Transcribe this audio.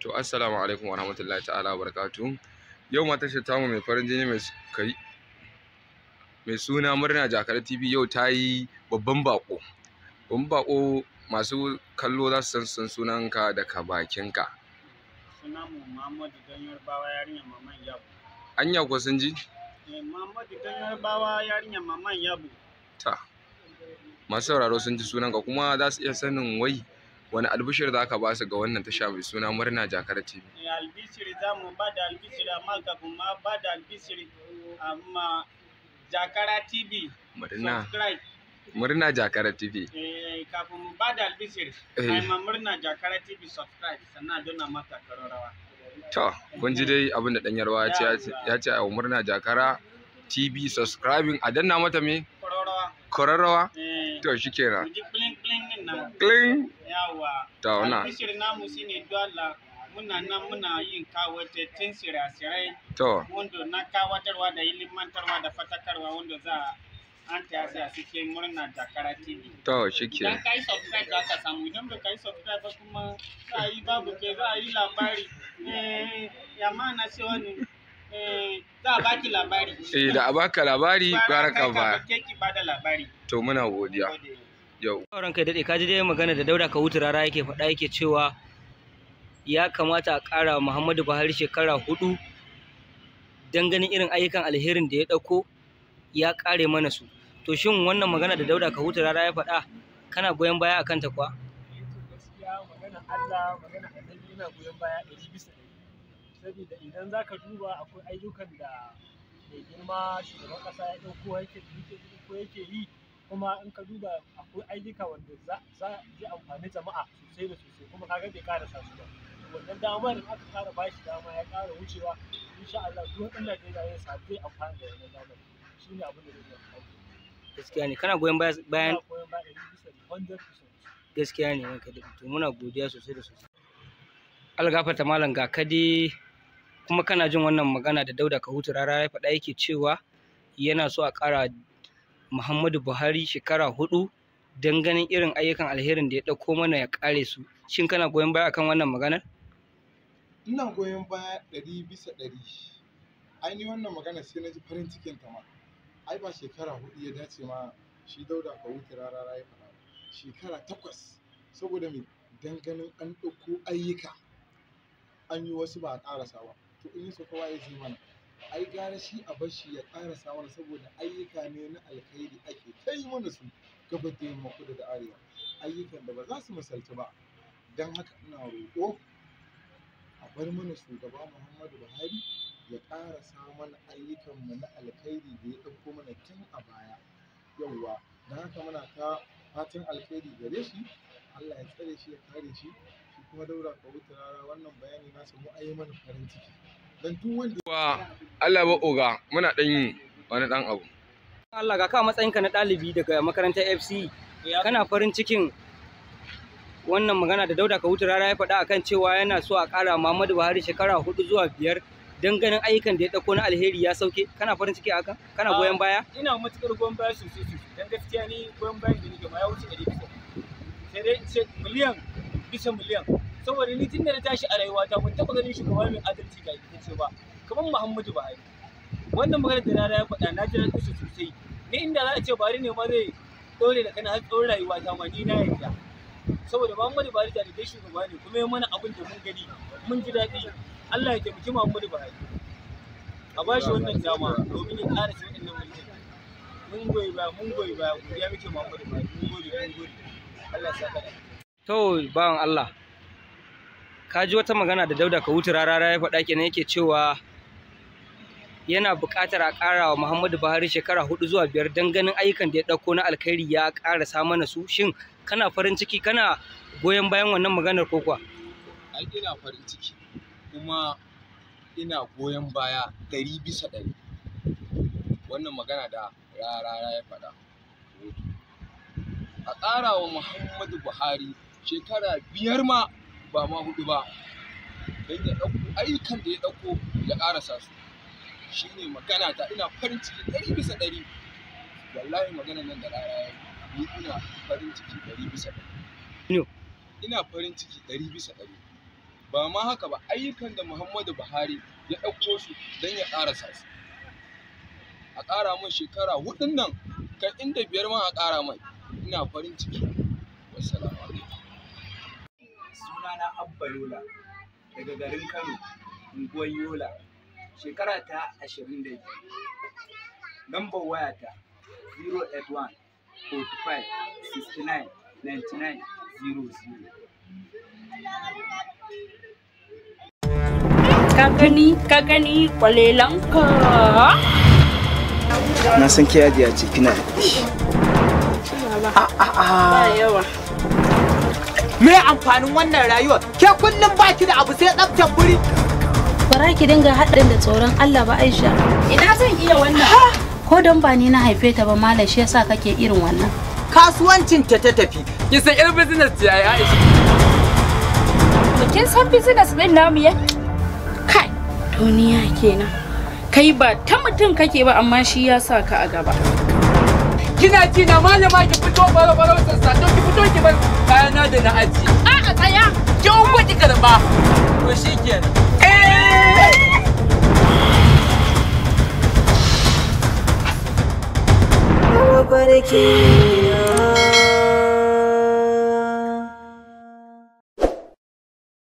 to assalamu alaikum wa rahmatullahi ta'ala wa barakatu yau ma tashar tamu mai farin jini mai kai mai suna murna jakar tv yau ta yi babban bako babban bako masu kallo za su san sunan ka da ka bakin ka. bakinka mu muhammadu ganyar bawa Yarinya maman yabo anya ko sun ji eh, muhammadu ganyar bawa Yarinya maman yabo ta masu sauraro sun ji sunan ka kuma za su iya sanin wai wani albishir za ka ba su ga wannan tasha mai suna murna jakar tv eh, albishir za mu ba da albishir amma kafin ma ba da albishir amma jakara tv murna murna jakara tv eh, kafin mu ba da albishir eh. ai ma murna jakara tv subscribe sannan dona mata karorawa to kun ji dai abin da danyar ya ce a murna jakara tv subscribing a danna mata me kwararrawa to shikenan kling ta wana albishir namu shine dole muna nan muna yin tun sirasirai to wanda na kawatarwa da ilimantarwa da fatakarwa wanda za an ta yasa suke murna da karatibi to shi shike idan yi subscribe za ka samu idan ba ka yi subscribe ba kuma za a yi babu ke za a yi labari eh ya na ce wani eh, za a baki labari eh da a baka labari baraka ba ba da labari to muna godiya yau ranka dade ka ji dai magana da Dauda Kawutu rara yake faɗa yake cewa ya kamata a ƙara Muhammadu Buhari shekara hudu don ganin irin ayyukan alherin da ya ɗauko ya ƙare mana su to shin wannan magana da Dauda Kawutu rara ya faɗa kana goyon baya a kanta kuwa eh saboda idan za ka duba akwai ayyukan da mai girma shugaban ƙasa ya ɗauko yake yi kuma in ka duba akwai ayyuka wanda za yi amfani jama'a sosai da sosai kuma kaga bai karasa su ba wannan damar in aka kara bashi dama ya kara wucewa insha Allah duk wanda Najeriya ya sa zai amfani da wannan damar shine abin da zai amfani gaskiya ne kana goyon bayan bayan gaskiya ne ranka da to muna godiya sosai da sosai algafarta malam ga kadi kuma kana jin wannan magana da Dauda Kahutu rara ya faɗa yake cewa yana so a ƙara Muhammadu Buhari shekara hudu don ganin irin ayyukan alherin da ya ɗauko mana ya ƙare su. Shin kana goyon baya akan wannan maganar? Ina goyon baya ɗari bisa ɗari. Ainihin wannan magana sai na ji farin cikin ta ma. Ai ba shekara hudu ya dace ma shi Dauda Kawuti Rara ya ba. Shekara takwas saboda me don ganin an ɗauko ayyuka an yi wasu ba a ƙarasa ba. To in yi so ya zai mana. ai gara shi a bashi ya karasa mana saboda ayyuka ne na alkhairi ake ta yi mana su gaba da yamma kudu da arewa ayyukan da ba za su misalci ba don haka ina roƙo a bar mana shugaba muhammadu buhari ya ƙara mana mu na alkhairi da ya ɗauko mana tun a baya yauwa don haka muna ta fatan alkhairi gare shi allah ya tsare shi ya kare shi shi kuma daura ka wuta rara wannan bayani na samu ayi mana farin ciki Allah ba oga muna dan yi wani dan abu Allah ga ka matsayin ka na ɗalibi daga makarantar FC kana farin cikin wannan magana da Dauda Kawutu rara ya faɗa akan cewa yana so a ƙara Muhammadu Buhari shekara hudu zuwa biyar don ganin ayyukan da ya dauko na alheri ya sauke kana farin ciki akan? kana goyon baya ah, ina matukar goyon baya sosai sosai dan gaskiya ni goyon baya da ga ma ya wuce ɗari bisa sai dai miliyan bisa miliyan saboda ni tun da na tashi a rayuwa ta mun taɓa ganin shugaba mai adalci ga ce ba kamar Muhammadu Buhari wannan magana da rana ya faɗa na ji daɗin sosai ni inda za a ce Buhari ne ma zai ɗore da kana har tsawon rayuwa ta ma ni na yarda saboda Muhammadu Buhari da dai shugaba ne kuma ya mana abin da mun gani mun ji daɗi Allah ya taimaki Muhammadu Buhari a ba shi wannan dama domin ya ƙara sai wannan mulki mun goyi ba mun goyi ba ya muke Muhammadu Buhari mun gode mun gode Allah ya saka da to bawan Allah ka ji wata magana da dauda ka wuce rarara ya faɗa kenan yake cewa yana buƙatar a ƙara wa muhammadu buhari shekara hudu zuwa biyar don ganin ayyukan da ya ɗauko na alkhairi ya samu na su shin kana farin ciki kana goyon bayan wannan maganar ko kuwa ai ina farin ciki kuma ina goyon baya ɗari bisa ɗari wannan magana da rarara ya faɗa a ƙara wa muhammadu buhari shekara biyar ma ba ma hudu ba don ya ɗauko ayyukan da ya ɗauko ya ƙarasa su shi ne magana ta ina farin ciki ɗari bisa ɗari wallahi magana nan da rara ya ni ina farin ciki ɗari bisa ɗari ina farin ciki ɗari bisa ɗari ba ma haka ba ayyukan da muhammadu buhari ya ɗauko su don ya ƙarasa su a ƙara mai shekara hudun nan kan inda biyar ma a ƙara mai ina farin ciki wasu sunana Abba Yola daga garin Kano, unguwar Yola. Shekara ta ashirin da biyu. Lambar wayata 081 45 69 99 00. Ka gani, ka gani Na san ke ajiya ce kina da A'a. Ba yawa. me amfanin wannan rayuwar ke kullum baki da abu sai tsaftar buri bara ki dinga haɗin da tsoron Allah ba Aisha ina zan iya wannan ko dan ba ni na haife ta ba malam shi yasa kake irin wannan kasuwancin ta ta tafi ki san irin business ya yayi Aisha kin san business din namu ya kai duniya kenan kai ba ta mutum kake ba amma shi ya sa ka a gaba kina ci na malama ki fito baro baro sassa to ki fito ki bar kayana da na aji a tsaya ki ungo ki karba to shikenan eh